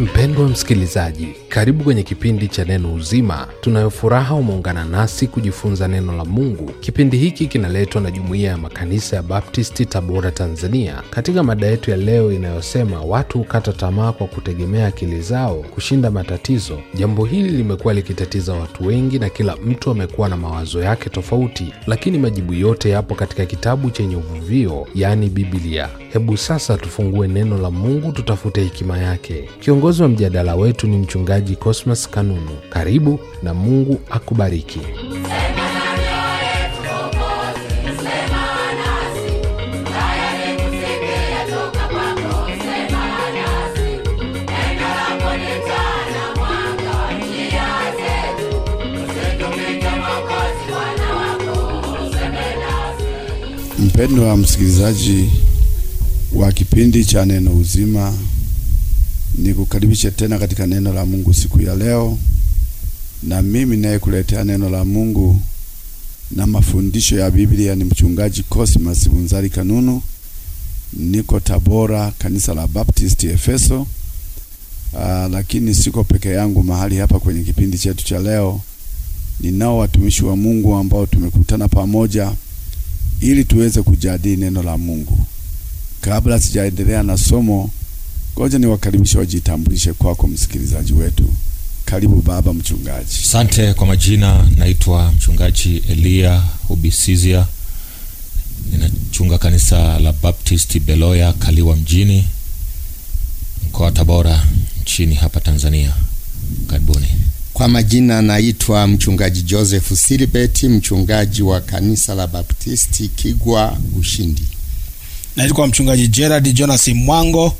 Mpendwa msikilizaji, karibu kwenye kipindi cha Neno Uzima. tunayofuraha umeungana nasi kujifunza neno la Mungu. Kipindi hiki kinaletwa na Jumuiya ya Makanisa ya Baptisti, Tabora, Tanzania, katika mada yetu ya leo inayosema watu hukata tamaa kwa kutegemea akili zao kushinda matatizo. Jambo hili limekuwa likitatiza watu wengi na kila mtu amekuwa na mawazo yake tofauti, lakini majibu yote yapo katika kitabu chenye uvuvio, yaani Biblia. Hebu sasa tufungue neno la Mungu, tutafute hekima yake. Kiongozi wa mjadala wetu ni Mchungaji Cosmas Kanunu. Karibu na Mungu akubariki. wa msikilizaji wa kipindi cha Neno Uzima, nikukaribishe tena katika neno la Mungu siku ya leo, na mimi nayekuletea neno la Mungu na mafundisho ya Biblia ni mchungaji Cosmas Bunzali Kanunu. Niko Tabora, kanisa la Baptist Efeso. Aa, ah, lakini siko peke yangu mahali hapa kwenye kipindi chetu cha leo. Ninao watumishi wa Mungu ambao tumekutana pamoja ili tuweze kujadili neno la Mungu. Kabla sijaendelea na somo, ngoja niwakaribishe wajitambulishe kwako, msikilizaji wetu. Karibu baba mchungaji. Asante kwa majina, naitwa mchungaji Elia Ubisizia, ninachunga kanisa la Baptist Beloya Kaliwa mjini, mkoa wa Tabora, nchini hapa Tanzania. Karibuni. Kwa majina naitwa mchungaji Joseph Silibeti, mchungaji wa kanisa la Baptisti Kigwa Ushindi. Naitwa mchungaji Gerard Jonas Mwango,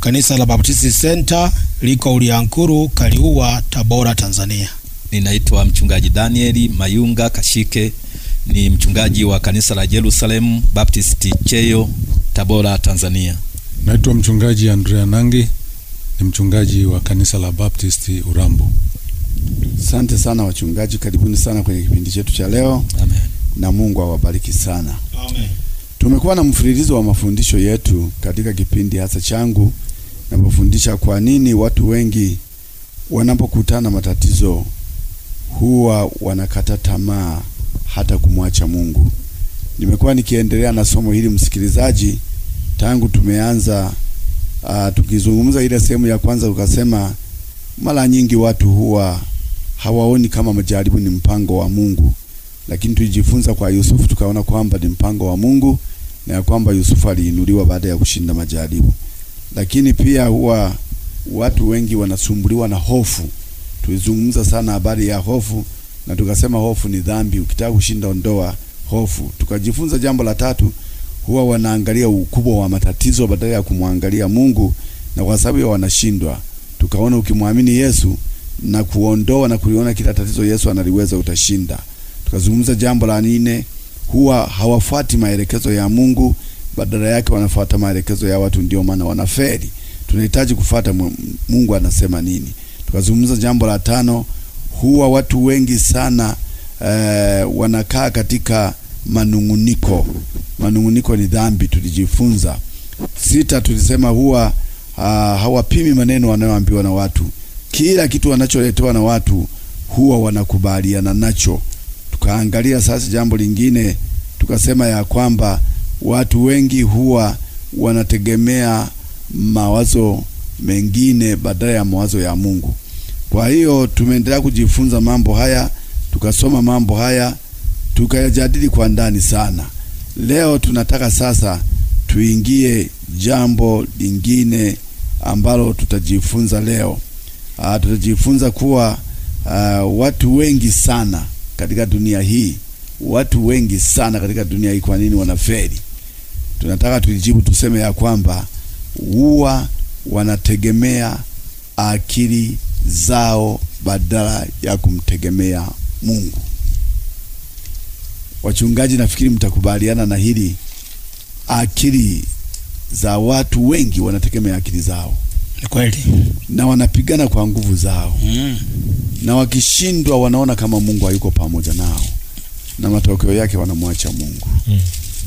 kanisa la Baptist Center liko Uliankuru, Kaliua, Tabora, Tanzania. Ninaitwa mchungaji Danieli Mayunga Kashike, ni mchungaji wa kanisa la Jerusalem Baptist Cheyo, Tabora, Tanzania. Naitwa mchungaji Andrea Nangi, ni mchungaji wa kanisa la Baptist Urambo. Asante sana wachungaji, karibuni sana kwenye kipindi chetu cha leo. Amen. Na Mungu awabariki sana. Amen. Tumekuwa na mfululizo wa mafundisho yetu katika kipindi hasa changu napofundisha kwa nini watu wengi wanapokutana matatizo huwa wanakata tamaa hata kumwacha Mungu. Nimekuwa nikiendelea na somo hili msikilizaji, tangu tumeanza uh, tukizungumza ile sehemu ya kwanza, ukasema mara nyingi watu huwa hawaoni kama majaribu ni mpango wa Mungu, lakini tulijifunza kwa Yusufu, tukaona kwamba ni mpango wa Mungu na ya kwamba Yusufu aliinuliwa baada ya kushinda majaribu. Lakini pia huwa watu wengi wanasumbuliwa na hofu. Tulizungumza sana habari ya hofu na tukasema hofu ni dhambi, ukitaka kushinda ondoa hofu. Tukajifunza jambo la tatu, huwa wanaangalia ukubwa wa matatizo badala ya kumwangalia Mungu, na kwa sababu ya wanashindwa. Tukaona ukimwamini Yesu na kuondoa na kuliona kila tatizo Yesu analiweza, utashinda tukazungumza jambo la nne, huwa hawafuati maelekezo ya Mungu, badala yake wanafuata maelekezo ya watu, ndio maana wanafeli. Tunahitaji kufuata Mungu anasema nini. Tukazungumza jambo la tano, huwa watu wengi sana eh, wanakaa katika manunguniko. Manunguniko ni dhambi, tulijifunza. Sita, tulisema huwa Uh, hawapimi maneno wanayoambiwa na watu. Kila kitu wanacholetewa na watu huwa wanakubaliana nacho tukaangalia sasa jambo lingine, tukasema ya kwamba watu wengi huwa wanategemea mawazo mengine badala ya mawazo ya Mungu. Kwa hiyo tumeendelea kujifunza mambo haya, tukasoma mambo haya, tukayajadili kwa ndani sana. Leo tunataka sasa tuingie jambo lingine ambalo tutajifunza leo. Uh, tutajifunza kuwa uh, watu wengi sana katika dunia hii. Watu wengi sana katika dunia hii, kwa nini wanafeli? Tunataka tulijibu tuseme ya kwamba huwa wanategemea akili zao badala ya kumtegemea Mungu. Wachungaji, nafikiri mtakubaliana na hili, akili za watu wengi wanategemea akili zao. Ni kweli. Na wanapigana kwa nguvu zao mm. na wakishindwa wanaona kama Mungu hayuko pamoja nao, na matokeo yake wanamwacha Mungu mm.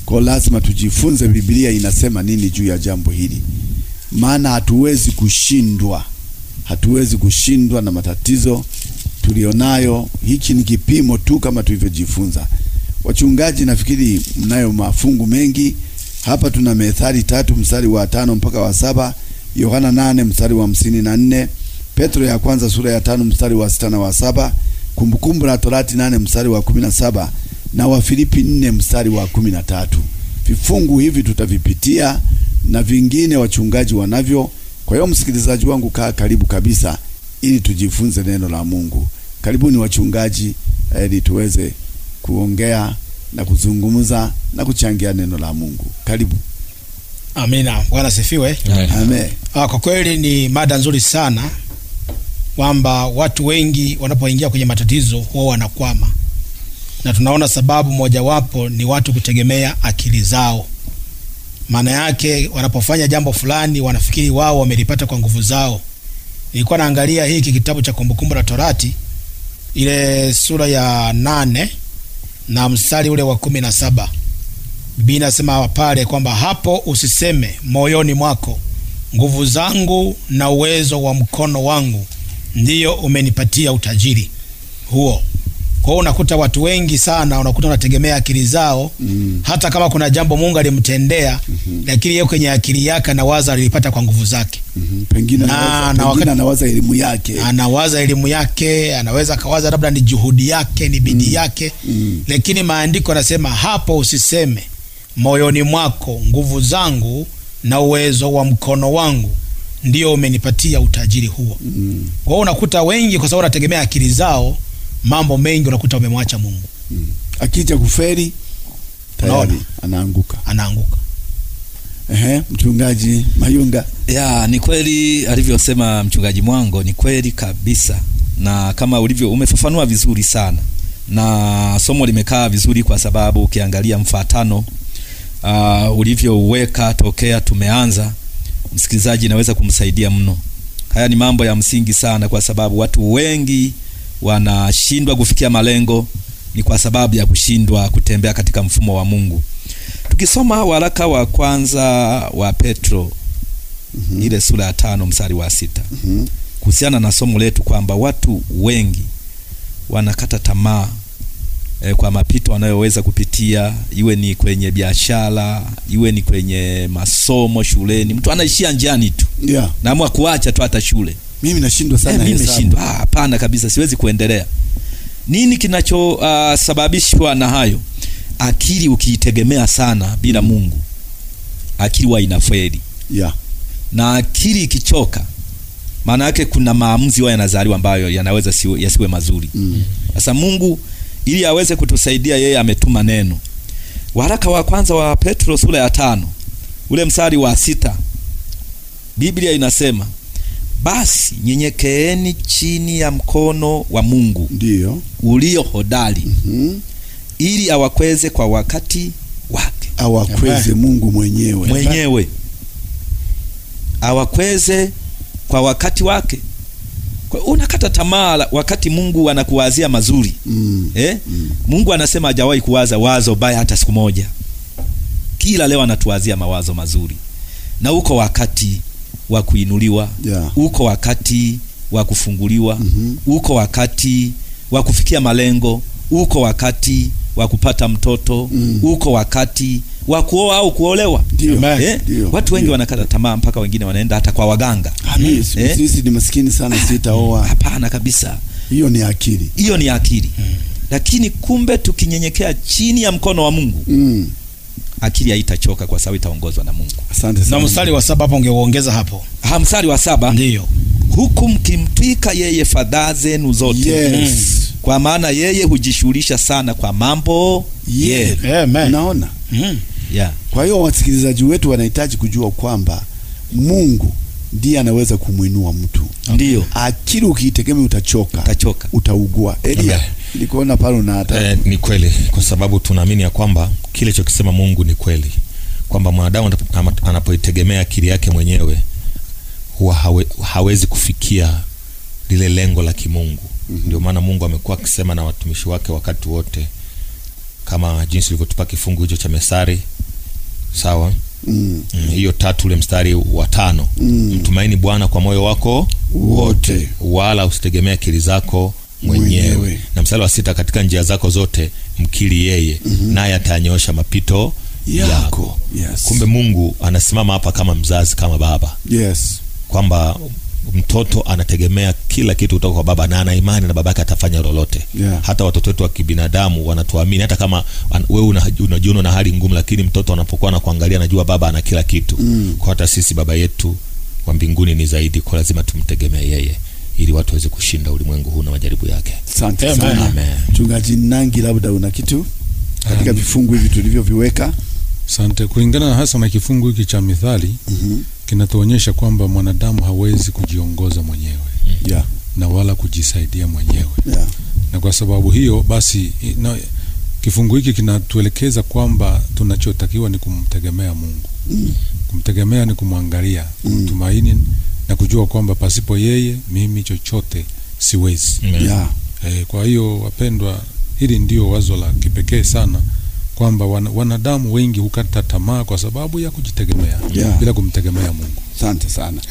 Kwa lazima tujifunze Biblia inasema nini juu ya jambo hili, maana hatuwezi kushindwa, hatuwezi kushindwa na matatizo tulionayo. Hiki ni kipimo tu kama tulivyojifunza. Wachungaji, nafikiri mnayo mafungu mengi hapa. Tuna Methali tatu mstari wa tano mpaka wa saba Yohana nane mstari wa hamsini na nne Petro ya kwanza sura ya tano mstari wa sita na wa saba Kumbukumbu la Torati nane mstari wa kumi na saba na Wafilipi nne mstari wa kumi na tatu Vifungu hivi tutavipitia na vingine wachungaji wanavyo. Kwa hiyo msikilizaji wangu, kaa karibu kabisa ili tujifunze neno la Mungu. Karibuni wachungaji, ili tuweze kuongea na kuzungumza na kuchangia neno la Mungu. Karibu. Amina, Bwana sifiwe. Amen. Ah, kwa kweli ni mada nzuri sana kwamba watu wengi wanapoingia kwenye matatizo huwa wanakwama, na tunaona sababu mojawapo ni watu kutegemea akili zao. Maana yake wanapofanya jambo fulani wanafikiri wao wamelipata kwa nguvu zao. Nilikuwa naangalia hiki kitabu cha Kumbukumbu la Torati ile sura ya nane na mstari ule wa kumi na saba Biblia inasema pale kwamba hapo usiseme moyoni mwako, nguvu zangu na uwezo wa mkono wangu ndiyo umenipatia utajiri huo. Kwa hiyo unakuta watu wengi sana, unakuta wanategemea akili zao mm. hata kama kuna jambo Mungu alimtendea mm -hmm. lakini yeye kwenye akili yake anawaza alipata kwa nguvu zake mm -hmm. pengine na, na anawaza elimu yake, anawaza elimu yake, anaweza akawaza labda ni juhudi yake, ni bidii mm. yake mm. lakini maandiko anasema hapo usiseme moyoni mwako nguvu zangu na uwezo wa mkono wangu ndio umenipatia utajiri huo. Mm. Kwa hiyo unakuta wengi, kwa sababu wanategemea akili zao, mambo mengi unakuta wamemwacha Mungu. Mm. Akija kuferi tayari anaanguka, anaanguka. Ehe, mchungaji Mayunga. Ya, ni kweli alivyosema mchungaji Mwango, ni kweli kabisa, na kama ulivyo umefafanua vizuri sana, na somo limekaa vizuri, kwa sababu ukiangalia mfatano uh, ah, ulivyouweka tokea tumeanza, msikilizaji naweza kumsaidia mno. Haya ni mambo ya msingi sana, kwa sababu watu wengi wanashindwa kufikia malengo ni kwa sababu ya kushindwa kutembea katika mfumo wa Mungu. Tukisoma waraka wa kwanza wa Petro mm -hmm. ile sura ya tano mstari wa sita mm -hmm. kuhusiana na somo letu kwamba watu wengi wanakata tamaa eh, kwa mapito anayoweza kupitia, iwe ni kwenye biashara, iwe ni kwenye masomo shuleni. Mtu anaishia njiani tu yeah. naamua kuacha tu hata shule. Mimi nashindwa sana eh, nimeshindwa. Ah, hapana ah, kabisa, siwezi kuendelea. Nini kinachosababishwa ah, uh, na hayo? Akili ukiitegemea sana bila Mungu, akili huwa inafeli yeah. na akili ikichoka maana yake kuna maamuzi wao yanazaliwa ambayo yanaweza siwe, yasiwe mazuri. Mm. Sasa mm. Mungu ili aweze kutusaidia yeye ametuma neno. Waraka wa kwanza wa Petro sura ya tano ule msari wa sita Biblia inasema basi nyenyekeeni chini ya mkono wa Mungu ndio ulio hodari mm -hmm. ili awakweze kwa wakati wake, awakweze Mungu mwenyewe mwenyewe, awakweze kwa wakati wake. Kwa unakata tamaa wakati Mungu anakuwazia mazuri mm. Eh? Mm. Mungu anasema hajawahi kuwaza wazo baya hata siku moja. Kila leo anatuwazia mawazo mazuri, na uko wakati wa kuinuliwa yeah. Uko wakati wa kufunguliwa mm -hmm. Uko wakati wa kufikia malengo, uko wakati wa kupata mtoto mm. Uko wakati wa kuoa au kuolewa dio, eh? Dio, watu wengi wanakata tamaa mpaka wengine wanaenda hata kwa waganga. Eh? Sisi ni maskini sana, ah, sitaoa. Hapana kabisa, hiyo ni akili, hiyo ni akili Hmm. Lakini kumbe tukinyenyekea chini ya mkono wa Mungu Hmm. akili haitachoka kwa sababu itaongozwa na Mungu. Asante sana. Na mstari wa saba hapo ungeongeza hapo, Ah, mstari wa saba ndio huku mkimtwika yeye fadhaa zenu zote yes. mm kwa maana yeye hujishughulisha sana kwa mambo yenu. Yeah. Amen. Naona mm. yeah. Kwa hiyo wasikilizaji wetu wanahitaji kujua kwamba Mungu ndiye anaweza kumwinua mtu. Ndio. Akili ukiitegemea utachoka. Utachoka. Utaugua. Elia. Nikuona pale una hata. Eh, ni kweli kwa sababu tunaamini ya kwamba kile chokisema Mungu ni kweli. Kwamba mwanadamu anapoitegemea akili yake mwenyewe huwa hawe, hawezi kufikia lile lengo la kimungu hmm Ndio maana Mungu amekuwa akisema na watumishi wake wakati wote, kama jinsi ulivyotupa kifungu hicho cha mesari sawa mm. mm. Hiyo tatu ule mstari wa tano. Mm. Mtumaini Bwana kwa moyo wako wote, wala usitegemea akili zako mwenyewe. Mwenyewe. Na mstari wa sita, katika njia zako zote mkili yeye, mm -hmm. naye atanyosha mapito yako, yako. Yes. Kumbe Mungu anasimama hapa kama mzazi, kama baba. Yes. Kwamba mtoto anategemea kila kitu kutoka kwa baba na ana imani na babake atafanya lolote. Yeah. Hata watoto wetu wa kibinadamu wanatuamini hata kama wewe unajiona na hali ngumu, lakini mtoto anapokuwa anakuangalia anajua baba ana kila kitu. Mm. Kwa hata sisi baba yetu wa mbinguni ni zaidi, kwa lazima tumtegemee yeye ili watu waweze kushinda ulimwengu huu na majaribu yake. Asante sana. Amen. Mchungaji Nangi, labda una kitu katika vifungu hivi tulivyoviweka Asante. Kulingana na hasa na kifungu hiki cha Mithali mm -hmm. kinatuonyesha kwamba mwanadamu hawezi kujiongoza mwenyewe yeah. na wala kujisaidia mwenyewe yeah. na kwa sababu hiyo basi na, kifungu hiki kinatuelekeza kwamba tunachotakiwa ni kumtegemea Mungu mm. kumtegemea ni kumwangalia, mm. kumtumaini mm. na kujua kwamba pasipo yeye mimi chochote siwezi yeah. Yeah. E, kwa hiyo wapendwa, hili ndio wazo la kipekee sana kwamba wan, wanadamu wengi hukata tamaa kwa sababu ya kujitegemea yeah. bila kumtegemea Mungu. Asante sana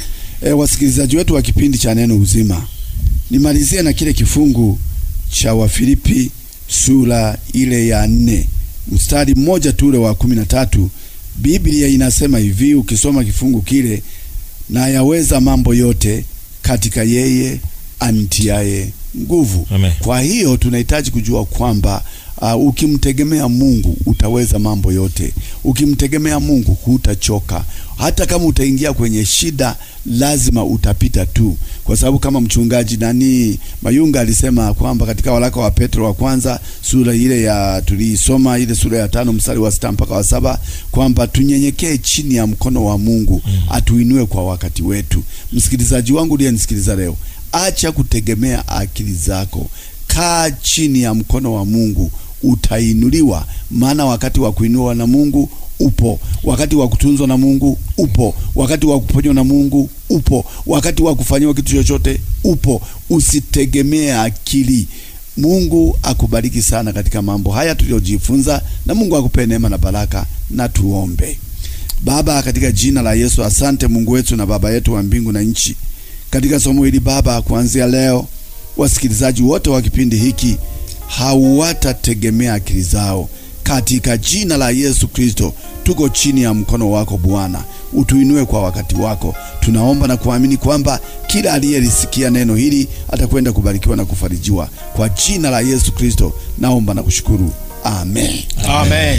e, wasikilizaji wetu wa kipindi cha Neno Uzima, nimalizie na kile kifungu cha Wafilipi sura ile ya nne mstari mmoja tu wa kumi na tatu. Biblia inasema hivi, ukisoma kifungu kile, na yaweza mambo yote katika yeye antiaye nguvu. Amen. Kwa hiyo tunahitaji kujua kwamba Uh, ukimtegemea Mungu utaweza mambo yote. Ukimtegemea Mungu hutachoka. Hata kama utaingia kwenye shida, lazima utapita tu, kwa sababu kama mchungaji nani Mayunga alisema kwamba katika waraka wa Petro wa kwanza sura ile ya tuliisoma ile sura ya tano mstari wa sita mpaka wa saba kwamba tunyenyekee chini ya mkono wa Mungu mm. atuinue kwa wakati wetu. Msikilizaji wangu uliyenisikiliza leo, acha kutegemea akili zako, kaa chini ya mkono wa Mungu utainuliwa. Maana wakati wa kuinua na Mungu upo, wakati wa kutunzwa na Mungu upo, wakati wa kuponywa na Mungu upo, wakati wa kufanyiwa kitu chochote upo. Usitegemee akili. Mungu akubariki sana katika mambo haya tuliyojifunza, na Mungu akupe neema na baraka. Na tuombe. Baba, katika jina la Yesu, asante Mungu wetu na Baba yetu wa mbingu na nchi, katika somo hili Baba, kuanzia leo wasikilizaji wote wa kipindi hiki hawatategemea akili zao. Katika jina la Yesu Kristo, tuko chini ya mkono wako Bwana, utuinue kwa wakati wako. Tunaomba na kuamini kwamba kila aliyelisikia neno hili atakwenda kubarikiwa na kufarijiwa. Kwa jina la Yesu Kristo naomba na kushukuru, amen, amen. amen.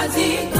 Azito.